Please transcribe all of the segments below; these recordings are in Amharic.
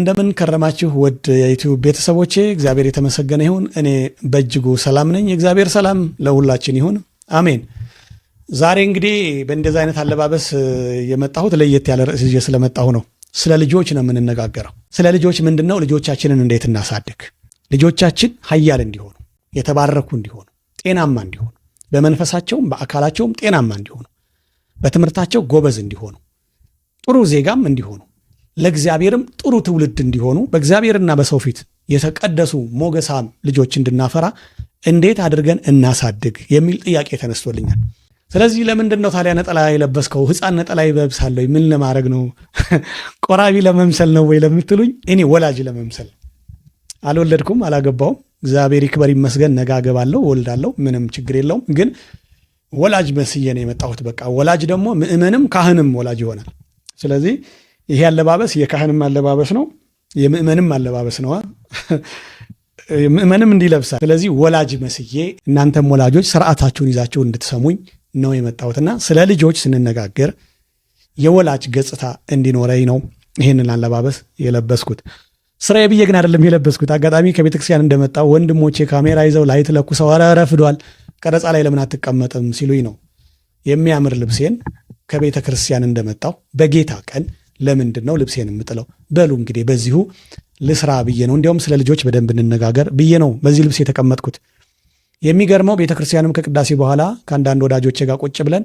እንደምን ከረማችሁ ውድ የዩትዩብ ቤተሰቦቼ፣ እግዚአብሔር የተመሰገነ ይሁን። እኔ በእጅጉ ሰላም ነኝ። የእግዚአብሔር ሰላም ለሁላችን ይሁን፣ አሜን። ዛሬ እንግዲህ በእንደዚህ አይነት አለባበስ የመጣሁት ለየት ያለ ርዕስ ይዤ ስለመጣሁ ነው። ስለ ልጆች ነው የምንነጋገረው። ስለ ልጆች ምንድን ነው? ልጆቻችንን እንዴት እናሳድግ? ልጆቻችን ሀያል እንዲሆኑ፣ የተባረኩ እንዲሆኑ፣ ጤናማ እንዲሆኑ፣ በመንፈሳቸውም በአካላቸውም ጤናማ እንዲሆኑ፣ በትምህርታቸው ጎበዝ እንዲሆኑ፣ ጥሩ ዜጋም እንዲሆኑ ለእግዚአብሔርም ጥሩ ትውልድ እንዲሆኑ በእግዚአብሔርና በሰው ፊት የተቀደሱ ሞገሳም ልጆች እንድናፈራ እንዴት አድርገን እናሳድግ የሚል ጥያቄ ተነስቶልኛል። ስለዚህ ለምንድን ነው ታዲያ ነጠላ የለበስከው? ሕፃን ነጠላ ይበብሳለሁ ምን ለማድረግ ነው? ቆራቢ ለመምሰል ነው ወይ ለምትሉኝ፣ እኔ ወላጅ ለመምሰል አልወለድኩም፣ አላገባውም። እግዚአብሔር ይክበር ይመስገን። ነገ አገባለሁ፣ ወልዳለሁ፣ ምንም ችግር የለውም። ግን ወላጅ መስዬ ነው የመጣሁት። በቃ ወላጅ ደግሞ ምእመንም ካህንም ወላጅ ይሆናል። ስለዚህ ይሄ አለባበስ የካህንም አለባበስ ነው፣ የምእመንም አለባበስ ነዋ። ምእመንም እንዲለብሳል። ስለዚህ ወላጅ መስዬ እናንተም ወላጆች ስርዓታችሁን ይዛችሁ እንድትሰሙኝ ነው የመጣሁትና ስለ ልጆች ስንነጋገር የወላጅ ገጽታ እንዲኖረኝ ነው ይህንን አለባበስ የለበስኩት። ስራዬ ብዬ ግን አይደለም የለበስኩት። አጋጣሚ ከቤተክርስቲያን እንደመጣው ወንድሞቼ ካሜራ ይዘው ላይት ለኩሰው ኧረ ረፍዷል፣ ቀረጻ ላይ ለምን አትቀመጥም ሲሉኝ ነው የሚያምር ልብሴን ከቤተክርስቲያን እንደመጣው በጌታ ቀን ለምንድን ነው ልብሴን የምጥለው? በሉ እንግዲህ በዚሁ ልስራ ብዬ ነው። እንዲያውም ስለ ልጆች በደንብ እንነጋገር ብዬ ነው በዚህ ልብስ የተቀመጥኩት። የሚገርመው ቤተ ክርስቲያንም ከቅዳሴ በኋላ ከአንዳንድ ወዳጆቼ ጋር ቁጭ ብለን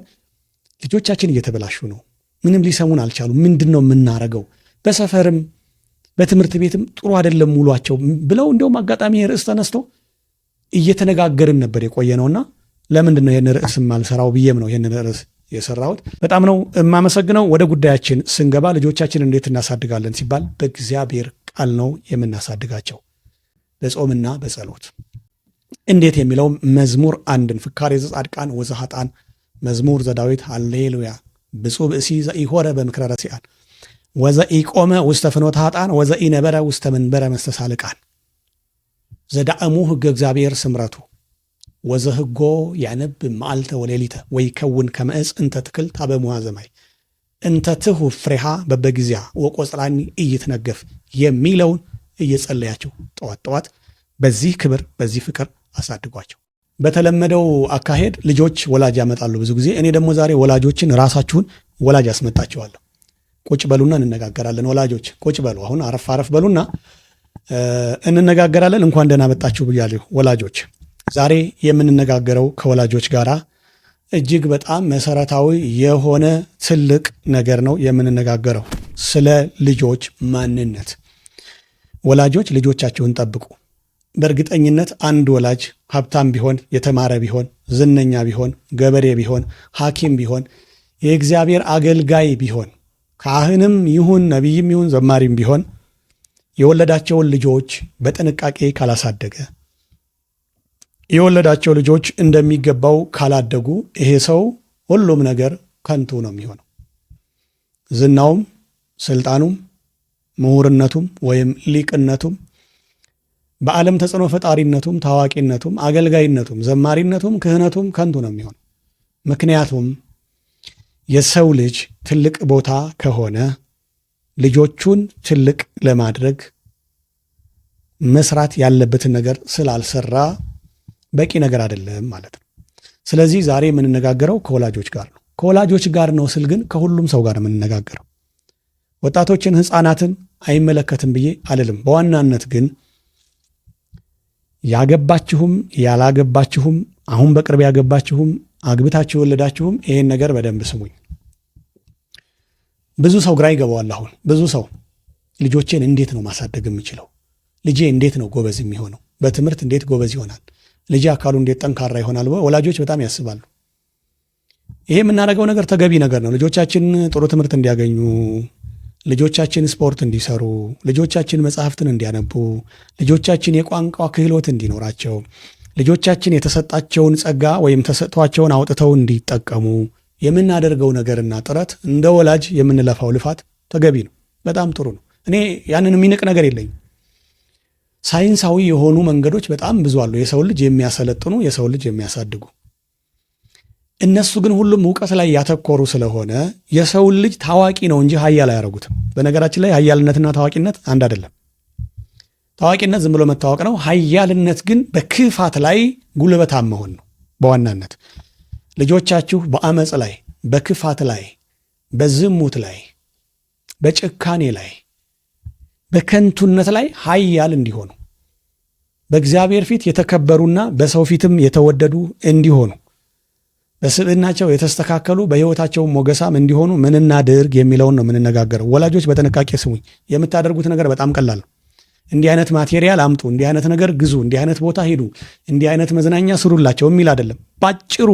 ልጆቻችን እየተበላሹ ነው፣ ምንም ሊሰሙን አልቻሉም፣ ምንድን ነው የምናረገው? በሰፈርም በትምህርት ቤትም ጥሩ አይደለም ውሏቸው ብለው እንዲሁም አጋጣሚ ርዕስ ተነስቶ እየተነጋገርን ነበር የቆየ ነውና ለምንድን ነው ይህን ርዕስ ማልሰራው ብዬም ነው ይህን ርዕስ የሰራሁት። በጣም ነው የማመሰግነው። ወደ ጉዳያችን ስንገባ ልጆቻችን እንዴት እናሳድጋለን ሲባል በእግዚአብሔር ቃል ነው የምናሳድጋቸው በጾምና በጸሎት እንዴት የሚለው መዝሙር አንድን ፍካሬ ዘጻድቃን ወዘኃጥአን መዝሙር ዘዳዊት ሃሌሉያ ብፁዕ ብእሲ ዘኢሖረ በምክረ ረሲአን ቆመ ውስተ ፍኖተ ወዘኢ ነበረ ውስተ መንበረ መስተሳልቃን ዘዳእሙ ሕገ እግዚአብሔር ስምረቱ ወዘህጎ ያነብ መዓልተ ወሌሊተ ወይ ከውን ዕፅ እንተ ትክል ታበሙሃ ዘማይ እንተ ትሁ ፍሬሃ በበጊዜያ ወቆጽላኒ እይትነገፍ የሚለውን እየጸለያቸው ጠዋት ጠዋት በዚህ ክብር በዚህ ፍቅር አሳድጓቸው። በተለመደው አካሄድ ልጆች ወላጅ ያመጣሉ ብዙ ጊዜ። እኔ ደግሞ ዛሬ ወላጆችን ራሳችሁን ወላጅ አስመጣችኋለሁ። ቁጭ በሉና እንነጋገራለን። ወላጆች ቁጭ በሉ፣ አሁን አረፍ አረፍ በሉና እንነጋገራለን። እንኳን ደህና መጣችሁ ብያለሁ ወላጆች። ዛሬ የምንነጋገረው ከወላጆች ጋር እጅግ በጣም መሰረታዊ የሆነ ትልቅ ነገር ነው የምንነጋገረው፣ ስለ ልጆች ማንነት። ወላጆች ልጆቻችሁን ጠብቁ። በእርግጠኝነት አንድ ወላጅ ሀብታም ቢሆን፣ የተማረ ቢሆን፣ ዝነኛ ቢሆን፣ ገበሬ ቢሆን፣ ሐኪም ቢሆን፣ የእግዚአብሔር አገልጋይ ቢሆን፣ ካህንም ይሁን ነቢይም ይሁን ዘማሪም ቢሆን የወለዳቸውን ልጆች በጥንቃቄ ካላሳደገ የወለዳቸው ልጆች እንደሚገባው ካላደጉ ይሄ ሰው ሁሉም ነገር ከንቱ ነው የሚሆነው። ዝናውም፣ ስልጣኑም፣ ምሁርነቱም ወይም ሊቅነቱም፣ በዓለም ተጽዕኖ ፈጣሪነቱም፣ ታዋቂነቱም፣ አገልጋይነቱም፣ ዘማሪነቱም፣ ክህነቱም ከንቱ ነው የሚሆነው። ምክንያቱም የሰው ልጅ ትልቅ ቦታ ከሆነ ልጆቹን ትልቅ ለማድረግ መስራት ያለበትን ነገር ስላልሰራ በቂ ነገር አይደለም ማለት ነው። ስለዚህ ዛሬ የምንነጋገረው ከወላጆች ጋር ነው። ከወላጆች ጋር ነው ስል ግን ከሁሉም ሰው ጋር የምንነጋገረው ወጣቶችን፣ ህፃናትን አይመለከትም ብዬ አልልም። በዋናነት ግን ያገባችሁም ያላገባችሁም አሁን በቅርብ ያገባችሁም አግብታችሁ ወለዳችሁም ይሄን ነገር በደንብ ስሙኝ። ብዙ ሰው ግራ ይገባዋል። አሁን ብዙ ሰው ልጆቼን እንዴት ነው ማሳደግ የምችለው? ልጄ እንዴት ነው ጎበዝ የሚሆነው? በትምህርት እንዴት ጎበዝ ይሆናል? ልጅ አካሉ እንዴት ጠንካራ ይሆናል? ወላጆች በጣም ያስባሉ። ይሄ የምናደርገው ነገር ተገቢ ነገር ነው። ልጆቻችን ጥሩ ትምህርት እንዲያገኙ፣ ልጆቻችን ስፖርት እንዲሰሩ፣ ልጆቻችን መጽሐፍትን እንዲያነቡ፣ ልጆቻችን የቋንቋ ክህሎት እንዲኖራቸው፣ ልጆቻችን የተሰጣቸውን ጸጋ ወይም ተሰጥቷቸውን አውጥተው እንዲጠቀሙ የምናደርገው ነገርና ጥረት እንደ ወላጅ የምንለፋው ልፋት ተገቢ ነው። በጣም ጥሩ ነው። እኔ ያንን የሚንቅ ነገር የለኝም። ሳይንሳዊ የሆኑ መንገዶች በጣም ብዙ አሉ፣ የሰውን ልጅ የሚያሰለጥኑ የሰው ልጅ የሚያሳድጉ። እነሱ ግን ሁሉም እውቀት ላይ ያተኮሩ ስለሆነ የሰውን ልጅ ታዋቂ ነው እንጂ ሀያል አያደርጉትም። በነገራችን ላይ ሀያልነትና ታዋቂነት አንድ አይደለም። ታዋቂነት ዝም ብሎ መታወቅ ነው። ሀያልነት ግን በክፋት ላይ ጉልበታም መሆን ነው በዋናነት ልጆቻችሁ በአመፅ ላይ፣ በክፋት ላይ፣ በዝሙት ላይ፣ በጭካኔ ላይ በከንቱነት ላይ ኃያል እንዲሆኑ በእግዚአብሔር ፊት የተከበሩና በሰው ፊትም የተወደዱ እንዲሆኑ በስብዕናቸው የተስተካከሉ በሕይወታቸው ሞገሳም እንዲሆኑ ምን እናድርግ የሚለውን ነው የምንነጋገረው። ወላጆች በጥንቃቄ ስሙኝ። የምታደርጉት ነገር በጣም ቀላል ነው። እንዲህ አይነት ማቴሪያል አምጡ፣ እንዲህ አይነት ነገር ግዙ፣ እንዲህ አይነት ቦታ ሂዱ፣ እንዲህ አይነት መዝናኛ ስሩላቸው የሚል አይደለም። ባጭሩ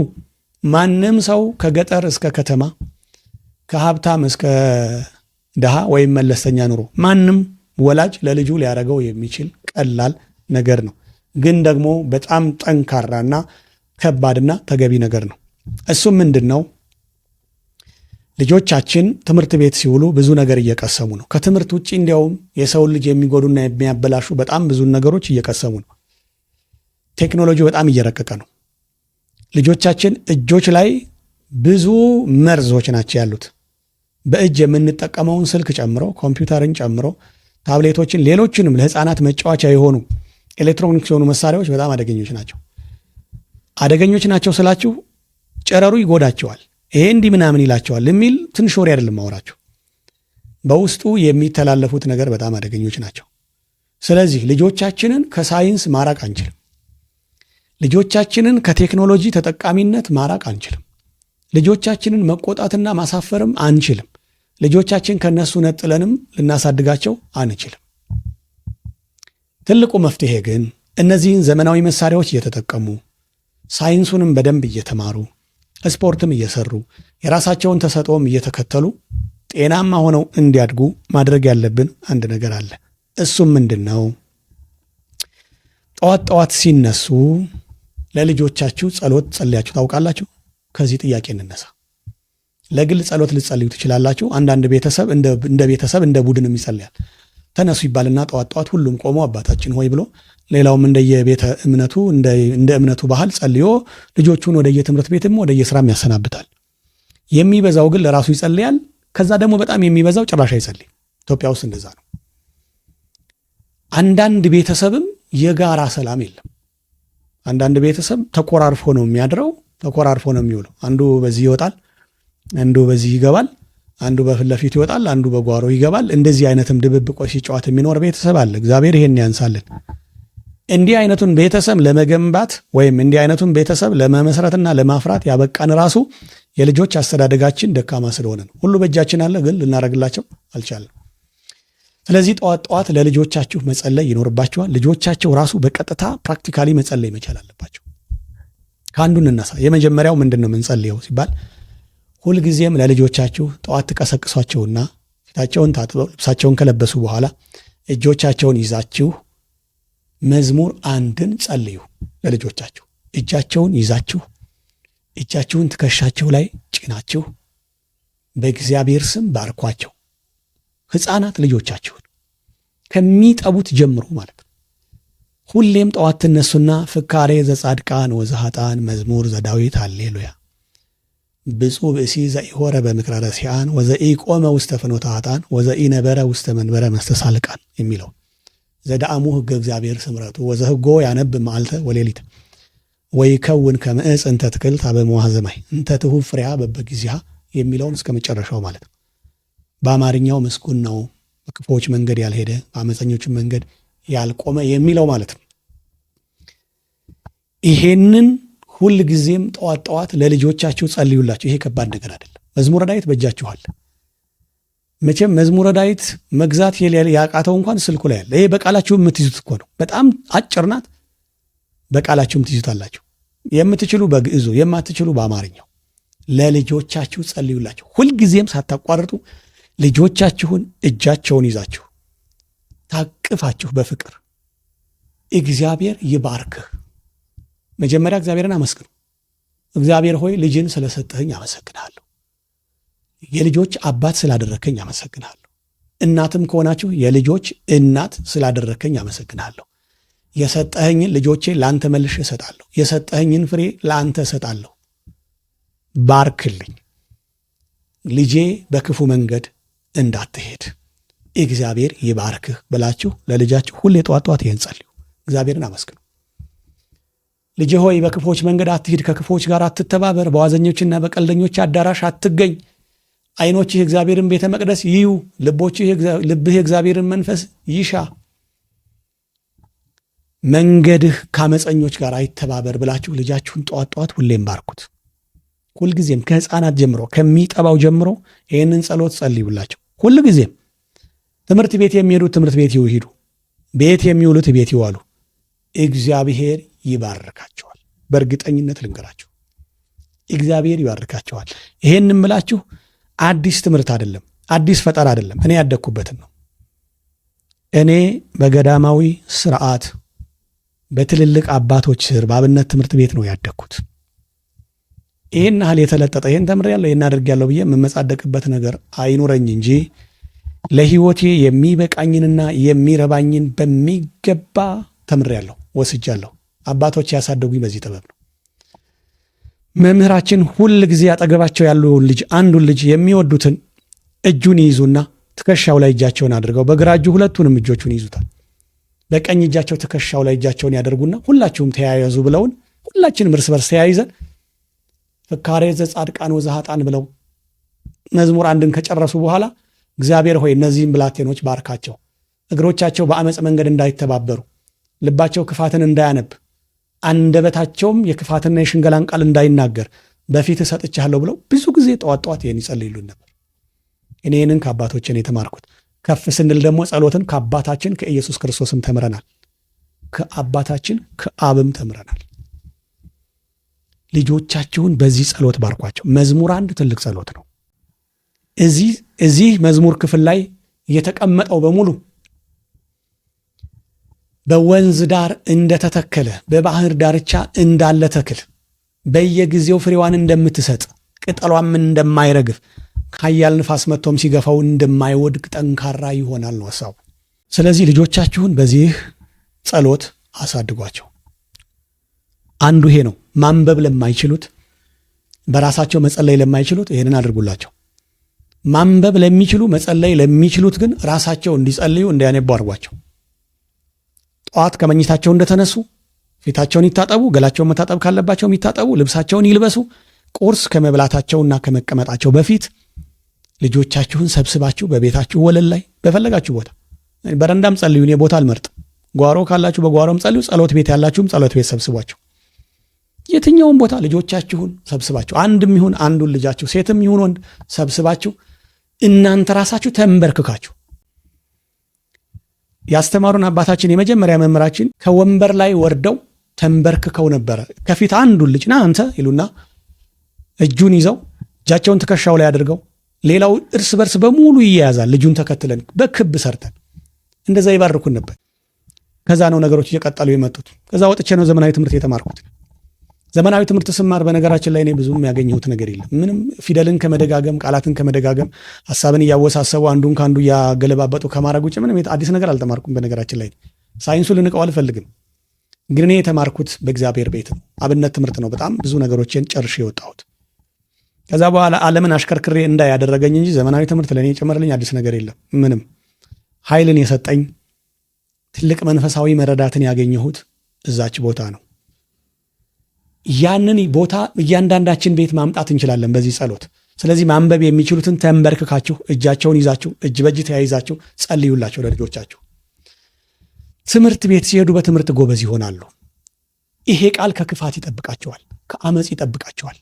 ማንም ሰው ከገጠር እስከ ከተማ ከሀብታም እስከ ድሃ ወይም መለስተኛ ኑሮ ማንም ወላጅ ለልጁ ሊያደርገው የሚችል ቀላል ነገር ነው፣ ግን ደግሞ በጣም ጠንካራና ከባድና ተገቢ ነገር ነው። እሱም ምንድን ነው? ልጆቻችን ትምህርት ቤት ሲውሉ ብዙ ነገር እየቀሰሙ ነው። ከትምህርት ውጭ እንዲያውም የሰውን ልጅ የሚጎዱና የሚያበላሹ በጣም ብዙ ነገሮች እየቀሰሙ ነው። ቴክኖሎጂ በጣም እየረቀቀ ነው። ልጆቻችን እጆች ላይ ብዙ መርዞች ናቸው ያሉት። በእጅ የምንጠቀመውን ስልክ ጨምሮ ኮምፒውተርን ጨምሮ ታብሌቶችን፣ ሌሎችንም ለህፃናት መጫወቻ የሆኑ ኤሌክትሮኒክስ የሆኑ መሳሪያዎች በጣም አደገኞች ናቸው። አደገኞች ናቸው ስላችሁ ጨረሩ ይጎዳቸዋል፣ ይሄ እንዲህ ምናምን ይላቸዋል የሚል ትንሽ ወሬ አይደለም ማውራችሁ። በውስጡ የሚተላለፉት ነገር በጣም አደገኞች ናቸው። ስለዚህ ልጆቻችንን ከሳይንስ ማራቅ አንችልም። ልጆቻችንን ከቴክኖሎጂ ተጠቃሚነት ማራቅ አንችልም። ልጆቻችንን መቆጣትና ማሳፈርም አንችልም። ልጆቻችን ከነሱ ነጥለንም ልናሳድጋቸው አንችልም። ትልቁ መፍትሄ ግን እነዚህን ዘመናዊ መሳሪያዎች እየተጠቀሙ ሳይንሱንም በደንብ እየተማሩ ስፖርትም እየሰሩ የራሳቸውን ተሰጥኦም እየተከተሉ ጤናማ ሆነው እንዲያድጉ ማድረግ ያለብን አንድ ነገር አለ። እሱም ምንድን ነው? ጠዋት ጠዋት ሲነሱ ለልጆቻችሁ ጸሎት ጸልያችሁ ታውቃላችሁ? ከዚህ ጥያቄ እንነሳ። ለግል ጸሎት ልጸልዩ ትችላላችሁ። አንዳንድ ቤተሰብ እንደ ቤተሰብ እንደ ቡድንም ይጸልያል። ተነሱ ይባልና ጠዋት ጠዋት ሁሉም ቆሞ አባታችን ሆይ ብሎ ሌላውም እንደየቤተ እምነቱ እንደ እምነቱ ባህል ጸልዮ ልጆቹን ወደየትምህርት ቤትም ወደየስራም ያሰናብታል። የሚበዛው ግን ለራሱ ይጸልያል። ከዛ ደግሞ በጣም የሚበዛው ጭራሽ አይጸልይም። ኢትዮጵያ ውስጥ እንደዛ ነው። አንዳንድ ቤተሰብም የጋራ ሰላም የለም። አንዳንድ ቤተሰብ ተኮራርፎ ነው የሚያድረው፣ ተኮራርፎ ነው የሚውለው። አንዱ በዚህ ይወጣል አንዱ በዚህ ይገባል፣ አንዱ በፊት ለፊቱ ይወጣል፣ አንዱ በጓሮ ይገባል። እንደዚህ አይነትም ድብብቆች ሲጫወት የሚኖር ቤተሰብ አለ። እግዚአብሔር ይሄን ያንሳልን። እንዲህ አይነቱን ቤተሰብ ለመገንባት ወይም እንዲህ አይነቱን ቤተሰብ ለመመስረትና ለማፍራት ያበቃን ራሱ የልጆች አስተዳደጋችን ደካማ ስለሆነ ነው። ሁሉ በእጃችን አለ፣ ግን ልናደርግላቸው አልቻለም። ስለዚህ ጠዋት ጠዋት ለልጆቻችሁ መጸለይ ይኖርባቸዋል ልጆቻቸው ራሱ በቀጥታ ፕራክቲካሊ መጸለይ መቻል አለባቸው። ከአንዱን እናሳ የመጀመሪያው ምንድን ነው የምንጸልየው ሲባል ሁልጊዜም ለልጆቻችሁ ጠዋት ትቀሰቅሷቸውና ፊታቸውን ታጥበው ልብሳቸውን ከለበሱ በኋላ እጆቻቸውን ይዛችሁ መዝሙር አንድን ጸልዩ። ለልጆቻችሁ እጃቸውን ይዛችሁ እጃችሁን ትከሻቸው ላይ ጭናችሁ በእግዚአብሔር ስም ባርኳቸው። ሕፃናት ልጆቻችሁን ከሚጠቡት ጀምሮ ማለት ነው። ሁሌም ጠዋት ትነሱና ፍካሬ ዘጻድቃን ወዘሃጣን መዝሙር ዘዳዊት አሌሉያ ብፁዕ ብእሲ ዘኢሆረ በምክረ ረሲዓን ወዘኢ ቆመ ውስተ ፍኖተ ኃጥአን ወዘኢ ነበረ ውስተ መንበረ መስተሳልቃን የሚለው ዘዳአሙ ህገ እግዚአብሔር ስምረቱ ወዘህጎ ያነብ መዓልተ ወሌሊት ወይከውን ከመዕፅ እንተ ትክልት አበ መዋዕለ ሰማይ እንተ ትሁብ ፍሬሃ በበጊዜሃ የሚለውን እስከ መጨረሻው ማለት ነው። በአማርኛው ምስጉን ነው በክፉዎች መንገድ ያልሄደ በአመፀኞችን መንገድ ያልቆመ የሚለው ማለት ነው። ይሄንን ሁል ጊዜም ጠዋት ጠዋት ለልጆቻችሁ ጸልዩላቸው። ይሄ ከባድ ነገር አይደለም። መዝሙረ ዳዊት በእጃችኋል። መቼም መዝሙረ ዳዊት መግዛት ያቃተው እንኳን ስልኩ ላይ ያለ ይሄ በቃላችሁ የምትይዙት እኮ ነው። በጣም አጭር ናት። የምትይዙት ትይዙታላችሁ። የምትችሉ በግዕዙ የማትችሉ በአማርኛው ለልጆቻችሁ ጸልዩላቸው። ሁልጊዜም ሳታቋርጡ ልጆቻችሁን እጃቸውን ይዛችሁ ታቅፋችሁ በፍቅር እግዚአብሔር ይባርክህ መጀመሪያ እግዚአብሔርን አመስግኑ። እግዚአብሔር ሆይ ልጅን ስለሰጠህኝ አመሰግናለሁ የልጆች አባት ስላደረከኝ አመሰግናለሁ እናትም ከሆናችሁ የልጆች እናት ስላደረከኝ አመሰግናለሁ። የሰጠኸኝን ልጆቼ ለአንተ መልሼ እሰጣለሁ። የሰጠኸኝን ፍሬ ለአንተ እሰጣለሁ። ባርክልኝ፣ ልጄ በክፉ መንገድ እንዳትሄድ እግዚአብሔር ይባርክህ ብላችሁ ለልጃችሁ ሁሌ ጠዋት ጠዋት ይህን ጸልዩ። እግዚአብሔርን አመስግኑ። ልጅ ሆይ በክፎች መንገድ አትሂድ፣ ከክፎች ጋር አትተባበር፣ በዋዘኞችና በቀልደኞች አዳራሽ አትገኝ። ዓይኖችህ እግዚአብሔርን ቤተ መቅደስ ይዩ፣ ልብህ እግዚአብሔርን መንፈስ ይሻ። መንገድህ ከአመፀኞች ጋር አይተባበር ብላችሁ ልጃችሁን ጠዋት ጠዋት ሁሌም ባርኩት። ሁልጊዜም ከህፃናት ጀምሮ ከሚጠባው ጀምሮ ይህንን ጸሎት ጸልዩላቸው። ሁልጊዜም ትምህርት ቤት የሚሄዱት ትምህርት ቤት ይሂዱ፣ ቤት የሚውሉት ቤት ይዋሉ። እግዚአብሔር ይባርካቸዋል። በእርግጠኝነት ልንገራችሁ እግዚአብሔር ይባርካቸዋል። ይሄን እምላችሁ አዲስ ትምህርት አይደለም፣ አዲስ ፈጠራ አይደለም። እኔ ያደግኩበትን ነው። እኔ በገዳማዊ ስርዓት በትልልቅ አባቶች ስር በአብነት ትምህርት ቤት ነው ያደግኩት። ይህን ያህል የተለጠጠ ይህን ተምሬያለሁ ይህን አድርጌያለሁ ብዬ የምመጻደቅበት ነገር አይኑረኝ እንጂ ለሕይወቴ የሚበቃኝንና የሚረባኝን በሚገባ ተምሬያለሁ፣ ወስጃለሁ። አባቶች ያሳደጉኝ በዚህ ጥበብ ነው። መምህራችን ሁል ጊዜ አጠገባቸው ያለውን ልጅ አንዱን ልጅ የሚወዱትን እጁን ይይዙና ትከሻው ላይ እጃቸውን አድርገው በግራ እጁ ሁለቱንም እጆቹን ይይዙታል። በቀኝ እጃቸው ትከሻው ላይ እጃቸውን ያደርጉና ሁላችሁም ተያያዙ ብለውን ሁላችንም እርስ በርስ ተያይዘን ፍካሬ ዘጻድቃን ወዘሃጣን ብለው መዝሙር አንድን ከጨረሱ በኋላ እግዚአብሔር ሆይ እነዚህም ብላቴኖች ባርካቸው፣ እግሮቻቸው በአመፅ መንገድ እንዳይተባበሩ፣ ልባቸው ክፋትን እንዳያነብ፣ አንደበታቸውም የክፋትና የሽንገላን ቃል እንዳይናገር በፊት እሰጥቻለሁ ብለው ብዙ ጊዜ ጠዋት ጠዋት ይህን ይጸልይሉን ነበር። እኔ ይህንን ከአባቶችን የተማርኩት ከፍ ስንል ደግሞ ጸሎትን ከአባታችን ከኢየሱስ ክርስቶስም ተምረናል። ከአባታችን ከአብም ተምረናል። ልጆቻችሁን በዚህ ጸሎት ባርኳቸው። መዝሙር አንድ ትልቅ ጸሎት ነው። እዚህ መዝሙር ክፍል ላይ የተቀመጠው በሙሉ በወንዝ ዳር እንደተተከለ በባህር ዳርቻ እንዳለ ተክል በየጊዜው ፍሬዋን እንደምትሰጥ ቅጠሏም እንደማይረግፍ ካያል ንፋስ መጥቶም ሲገፋው እንደማይወድቅ ጠንካራ ይሆናል ነው ሀሳቡ። ስለዚህ ልጆቻችሁን በዚህ ጸሎት አሳድጓቸው። አንዱ ይሄ ነው። ማንበብ ለማይችሉት በራሳቸው መጸለይ ለማይችሉት ይሄንን አድርጉላቸው። ማንበብ ለሚችሉ መጸለይ ለሚችሉት ግን ራሳቸው እንዲጸልዩ እንዲያነቡ አድርጓቸው። ጠዋት ከመኝታቸው እንደተነሱ ፊታቸውን ይታጠቡ፣ ገላቸውን መታጠብ ካለባቸውም ይታጠቡ፣ ልብሳቸውን ይልበሱ። ቁርስ ከመብላታቸውና ከመቀመጣቸው በፊት ልጆቻችሁን ሰብስባችሁ በቤታችሁ ወለል ላይ በፈለጋችሁ ቦታ በረንዳም ጸልዩ፣ እኔ ቦታ አልመርጥ ጓሮ ካላችሁ በጓሮም ጸልዩ፣ ጸሎት ቤት ያላችሁም ጸሎት ቤት ሰብስቧቸው። የትኛውም ቦታ ልጆቻችሁን ሰብስባችሁ አንድም ይሁን አንዱን ልጃችሁ ሴትም ይሁን ወንድ ሰብስባችሁ እናንተ ራሳችሁ ተንበርክካችሁ ያስተማሩን አባታችን የመጀመሪያ መምህራችን ከወንበር ላይ ወርደው ተንበርክከው ነበረ። ከፊት አንዱ ልጅ ና አንተ ይሉና እጁን ይዘው እጃቸውን ትከሻው ላይ አድርገው፣ ሌላው እርስ በርስ በሙሉ ይያያዛል። ልጁን ተከትለን በክብ ሰርተን እንደዛ ይባርኩን ነበር። ከዛ ነው ነገሮች እየቀጠሉ የመጡት። ከዛ ወጥቼ ነው ዘመናዊ ትምህርት የተማርኩት። ዘመናዊ ትምህርት ስማር በነገራችን ላይ እኔ ብዙም ያገኘሁት ነገር የለም። ምንም ፊደልን ከመደጋገም ቃላትን ከመደጋገም ሀሳብን እያወሳሰቡ አንዱን ከአንዱ እያገለባበጡ ከማድረግ ውጭ ምንም አዲስ ነገር አልተማርኩም። በነገራችን ላይ ሳይንሱ ልንቀው አልፈልግም፣ ግን እኔ የተማርኩት በእግዚአብሔር ቤት ነው። አብነት ትምህርት ነው። በጣም ብዙ ነገሮችን ጨርሼ የወጣሁት ከዛ በኋላ ዓለምን አሽከርክሬ እንዳያደረገኝ ያደረገኝ እንጂ ዘመናዊ ትምህርት ለእኔ የጨመረልኝ አዲስ ነገር የለም። ምንም ኃይልን የሰጠኝ ትልቅ መንፈሳዊ መረዳትን ያገኘሁት እዛች ቦታ ነው። ያንን ቦታ እያንዳንዳችን ቤት ማምጣት እንችላለን በዚህ ጸሎት። ስለዚህ ማንበብ የሚችሉትን ተንበርክካችሁ እጃቸውን ይዛችሁ እጅ በእጅ ተያይዛችሁ ጸልዩላቸው ለልጆቻችሁ። ትምህርት ቤት ሲሄዱ በትምህርት ጎበዝ ይሆናሉ። ይሄ ቃል ከክፋት ይጠብቃቸዋል፣ ከአመፅ ይጠብቃቸዋል፣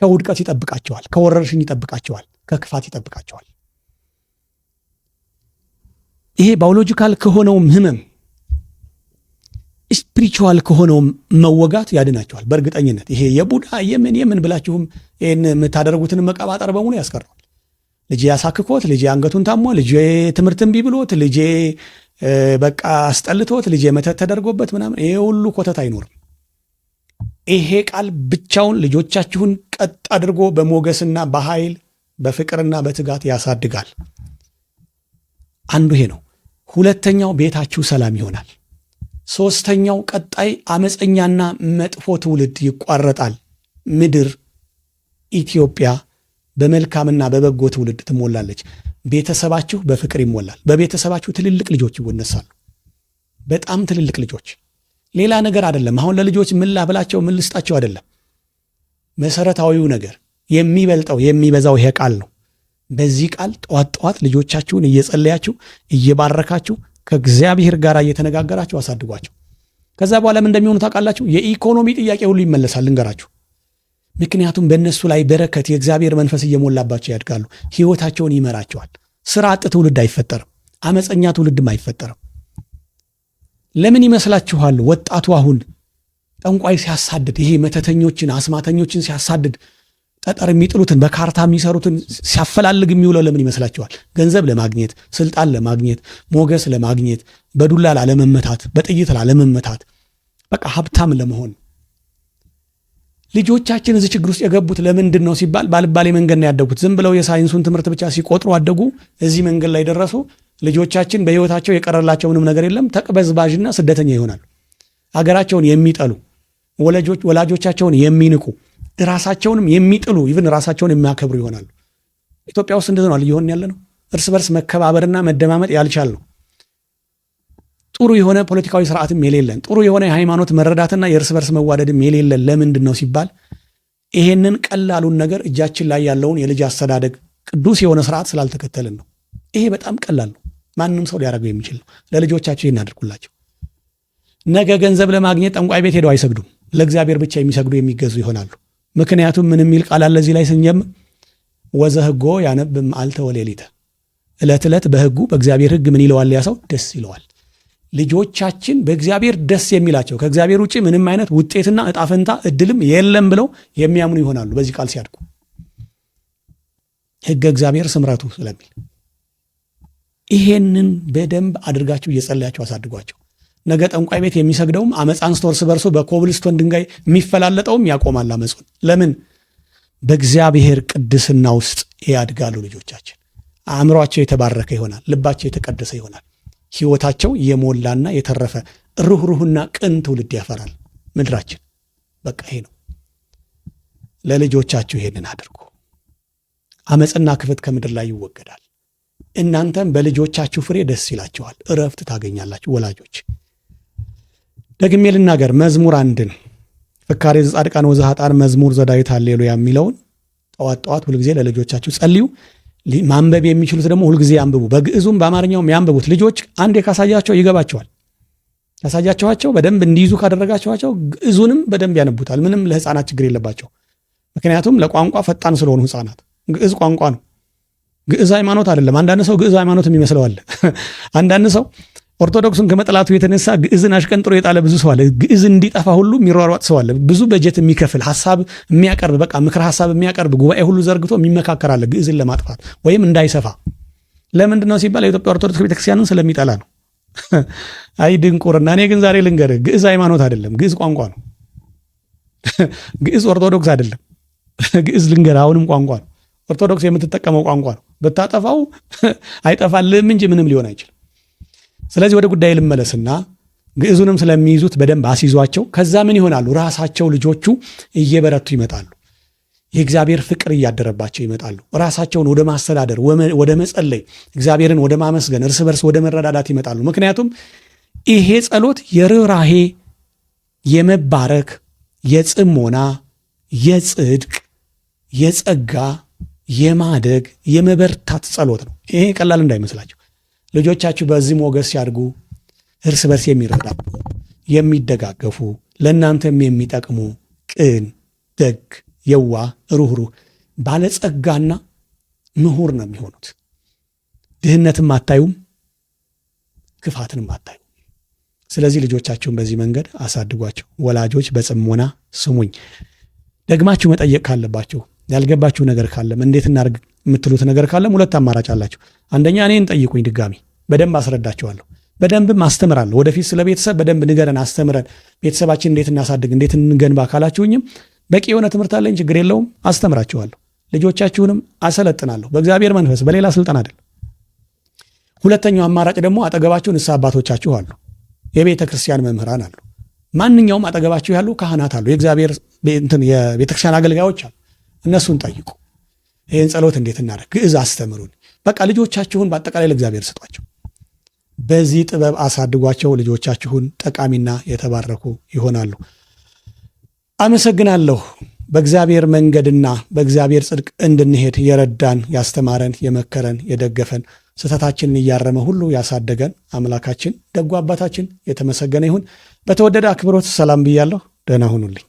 ከውድቀት ይጠብቃቸዋል፣ ከወረርሽኝ ይጠብቃቸዋል፣ ከክፋት ይጠብቃቸዋል። ይሄ ባዮሎጂካል ከሆነውም ህመም ስፒሪቹዋል ከሆነው መወጋት ያድናቸዋል በእርግጠኝነት። ይሄ የቡዳ የምን የምን ብላችሁም ይህን የምታደርጉትን መቀባጠር በሙሉ ያስቀረዋል። ልጄ ያሳክኮት፣ ልጄ አንገቱን ታሞ፣ ልጄ ትምህርት እምቢ ብሎት፣ ልጄ በቃ አስጠልቶት፣ ልጄ መተት ተደርጎበት ምናምን ይሄ ሁሉ ኮተት አይኖርም። ይሄ ቃል ብቻውን ልጆቻችሁን ቀጥ አድርጎ በሞገስና በኃይል በፍቅርና በትጋት ያሳድጋል። አንዱ ይሄ ነው። ሁለተኛው ቤታችሁ ሰላም ይሆናል። ሦስተኛው ቀጣይ አመፀኛና መጥፎ ትውልድ ይቋረጣል። ምድር ኢትዮጵያ በመልካምና በበጎ ትውልድ ትሞላለች። ቤተሰባችሁ በፍቅር ይሞላል። በቤተሰባችሁ ትልልቅ ልጆች ይወነሳሉ። በጣም ትልልቅ ልጆች። ሌላ ነገር አይደለም። አሁን ለልጆች ምን ላብላቸው ምን ልስጣቸው አይደለም። መሰረታዊው ነገር የሚበልጠው የሚበዛው ይሄ ቃል ነው። በዚህ ቃል ጠዋት ጠዋት ልጆቻችሁን እየጸለያችሁ እየባረካችሁ ከእግዚአብሔር ጋር እየተነጋገራችሁ አሳድጓቸው። ከዛ ምን እንደሚሆኑ ታውቃላችሁ። የኢኮኖሚ ጥያቄ ሁሉ ይመለሳል። ልንገራችሁ። ምክንያቱም በእነሱ ላይ በረከት የእግዚአብሔር መንፈስ እየሞላባቸው ያድጋሉ። ህይወታቸውን ይመራቸዋል። ስራ አጥ ትውልድ አይፈጠርም። አመፀኛ ትውልድም አይፈጠርም። ለምን ይመስላችኋል? ወጣቱ አሁን ጠንቋይ ሲያሳድድ፣ ይሄ መተተኞችን አስማተኞችን ሲያሳድድ ጠጠር የሚጥሉትን በካርታ የሚሰሩትን ሲያፈላልግ የሚውለው ለምን ይመስላችኋል? ገንዘብ ለማግኘት፣ ስልጣን ለማግኘት፣ ሞገስ ለማግኘት፣ በዱላ ላለመመታት፣ በጥይት ላለመመታት፣ በቃ ሀብታም ለመሆን። ልጆቻችን እዚህ ችግር ውስጥ የገቡት ለምንድን ነው ሲባል ባልባሌ መንገድ ነው ያደጉት። ዝም ብለው የሳይንሱን ትምህርት ብቻ ሲቆጥሩ አደጉ። እዚህ መንገድ ላይ ደረሱ። ልጆቻችን በህይወታቸው የቀረላቸው ምንም ነገር የለም። ተቅበዝባዥና ስደተኛ ይሆናሉ። አገራቸውን የሚጠሉ ወላጆቻቸውን የሚንቁ ራሳቸውንም የሚጥሉ ይብን ራሳቸውን የሚያከብሩ ይሆናሉ። ኢትዮጵያ ውስጥ እንደዚህ ነው እየሆን ያለ ነው። እርስ በርስ መከባበርና መደማመጥ ያልቻል ነው። ጥሩ የሆነ ፖለቲካዊ ስርዓትም የሌለን፣ ጥሩ የሆነ የሃይማኖት መረዳትና የእርስ በርስ መዋደድም የሌለን ለምንድን ነው ሲባል ይሄንን ቀላሉን ነገር እጃችን ላይ ያለውን የልጅ አስተዳደግ ቅዱስ የሆነ ስርዓት ስላልተከተልን ነው። ይሄ በጣም ቀላል ነው። ማንም ሰው ሊያደርገው የሚችል ነው። ለልጆቻቸው ይህን አድርጉላቸው። ነገ ገንዘብ ለማግኘት ጠንቋይ ቤት ሄደው አይሰግዱም። ለእግዚአብሔር ብቻ የሚሰግዱ የሚገዙ ይሆናሉ። ምክንያቱም ምን የሚል ቃል አለ እዚህ ላይ ወዘ ህጎ ያነብ መዓልተ ወሌሊተ እለት እለት በህጉ በእግዚአብሔር ህግ ምን ይለዋል ያ ሰው ደስ ይለዋል ልጆቻችን በእግዚአብሔር ደስ የሚላቸው ከእግዚአብሔር ውጭ ምንም አይነት ውጤትና እጣፈንታ እድልም የለም ብለው የሚያምኑ ይሆናሉ በዚህ ቃል ሲያድጉ ህገ እግዚአብሔር ስምረቱ ስለሚል ይሄንን በደንብ አድርጋችሁ እየጸለያችሁ አሳድጓቸው ነገ ጠንቋይ ቤት የሚሰግደውም አመፅ አንስቶ እርስ በርሶ በኮብልስቶን ድንጋይ የሚፈላለጠውም ያቆማል አመፁን። ለምን በእግዚአብሔር ቅድስና ውስጥ ያድጋሉ ልጆቻችን። አእምሯቸው የተባረከ ይሆናል፣ ልባቸው የተቀደሰ ይሆናል። ህይወታቸው የሞላና የተረፈ ሩህሩህና ቅን ትውልድ ያፈራል ምድራችን። በቃ ይሄ ነው። ለልጆቻችሁ ይሄንን አድርጉ። አመፅና ክፍት ከምድር ላይ ይወገዳል። እናንተም በልጆቻችሁ ፍሬ ደስ ይላችኋል፣ እረፍት ታገኛላችሁ ወላጆች። ደግሜ ልናገር መዝሙር አንድን ፍካሬ ዘጻድቃን ወዘሃጣን መዝሙር ዘዳዊት ሃሌሉያ የሚለውን ጠዋት ጠዋት ሁልጊዜ ለልጆቻችሁ ጸልዩ። ማንበብ የሚችሉት ደግሞ ሁልጊዜ አንብቡ። በግዕዙም በአማርኛውም ያንብቡት። ልጆች አንዴ ካሳያቸው ይገባቸዋል። ያሳያቸዋቸው በደንብ እንዲይዙ ካደረጋቸዋቸው ግዕዙንም በደንብ ያነቡታል። ምንም ለህፃናት ችግር የለባቸው። ምክንያቱም ለቋንቋ ፈጣን ስለሆኑ ህፃናት። ግዕዝ ቋንቋ ነው። ግዕዝ ሃይማኖት አይደለም። አንዳንድ ሰው ግዕዝ ሃይማኖት የሚመስለዋል። አንዳንድ ሰው ኦርቶዶክሱን ከመጥላቱ የተነሳ ግዕዝን አሽቀንጥሮ የጣለ ብዙ ሰው አለ። ግዕዝ እንዲጠፋ ሁሉ የሚሯሯጥ ሰው አለ። ብዙ በጀት የሚከፍል ሀሳብ የሚያቀርብ በቃ ምክር ሀሳብ የሚያቀርብ ጉባኤ ሁሉ ዘርግቶ የሚመካከር አለ ግዕዝን ለማጥፋት ወይም እንዳይሰፋ። ለምንድን ነው ሲባል የኢትዮጵያ ኦርቶዶክስ ቤተክርስቲያንን ስለሚጠላ ነው። አይ ድንቁርና! እኔ ግን ዛሬ ልንገር፣ ግዕዝ ሃይማኖት አይደለም፣ ግዕዝ ቋንቋ ነው። ግዕዝ ኦርቶዶክስ አይደለም። ግዕዝ ልንገር፣ አሁንም ቋንቋ ነው። ኦርቶዶክስ የምትጠቀመው ቋንቋ ነው። ብታጠፋው አይጠፋልም እንጂ ምንም ሊሆን አይችልም። ስለዚህ ወደ ጉዳይ ልመለስና ግዕዙንም ስለሚይዙት በደንብ አስይዟቸው። ከዛ ምን ይሆናሉ? ራሳቸው ልጆቹ እየበረቱ ይመጣሉ። የእግዚአብሔር ፍቅር እያደረባቸው ይመጣሉ። ራሳቸውን ወደ ማስተዳደር፣ ወደ መጸለይ፣ እግዚአብሔርን ወደ ማመስገን፣ እርስ በርስ ወደ መረዳዳት ይመጣሉ። ምክንያቱም ይሄ ጸሎት የርኅራሄ፣ የመባረክ፣ የጽሞና፣ የጽድቅ፣ የጸጋ፣ የማደግ፣ የመበርታት ጸሎት ነው። ይሄ ቀላል እንዳይመስላቸው ልጆቻችሁ በዚህ ሞገስ ሲያድጉ እርስ በርስ የሚረዳዱ የሚደጋገፉ፣ ለእናንተም የሚጠቅሙ ቅን፣ ደግ፣ የዋ፣ ሩኅሩህ ባለጸጋና ምሁር ነው የሚሆኑት። ድህነትም አታዩም፣ ክፋትንም አታዩ። ስለዚህ ልጆቻችሁን በዚህ መንገድ አሳድጓቸው። ወላጆች በጽሞና ስሙኝ። ደግማችሁ መጠየቅ ካለባችሁ ያልገባችሁ ነገር ካለም እንዴት እናርግ የምትሉት ነገር ካለም ሁለት አማራጭ አላችሁ። አንደኛ እኔን ጠይቁኝ ድጋሚ በደንብ አስረዳቸዋለሁ፣ በደንብም አስተምራለሁ። ወደፊት ስለ ቤተሰብ በደንብ ንገረን፣ አስተምረን፣ ቤተሰባችን እንዴት እናሳድግ፣ እንዴት እንገንባ ካላችሁኝም በቂ የሆነ ትምህርት አለኝ፣ ችግር የለውም፣ አስተምራችኋለሁ። ልጆቻችሁንም አሰለጥናለሁ፣ በእግዚአብሔር መንፈስ፣ በሌላ ስልጠና አይደል። ሁለተኛው አማራጭ ደግሞ አጠገባችሁ ንስሐ አባቶቻችሁ አሉ፣ የቤተ ክርስቲያን መምህራን አሉ፣ ማንኛውም አጠገባችሁ ያሉ ካህናት አሉ፣ የእግዚአብሔር የቤተክርስቲያን አገልጋዮች አሉ። እነሱን ጠይቁ። ይህን ጸሎት እንዴት እናደርግ፣ ግዕዝ አስተምሩን። በቃ ልጆቻችሁን በአጠቃላይ ለእግዚአብሔር ስጧቸው። በዚህ ጥበብ አሳድጓቸው፣ ልጆቻችሁን ጠቃሚና የተባረኩ ይሆናሉ። አመሰግናለሁ። በእግዚአብሔር መንገድና በእግዚአብሔር ጽድቅ እንድንሄድ የረዳን ያስተማረን፣ የመከረን፣ የደገፈን ስህተታችንን እያረመ ሁሉ ያሳደገን አምላካችን ደጉ አባታችን የተመሰገነ ይሁን። በተወደደ አክብሮት ሰላም ብያለሁ። ደህና ሁኑልኝ።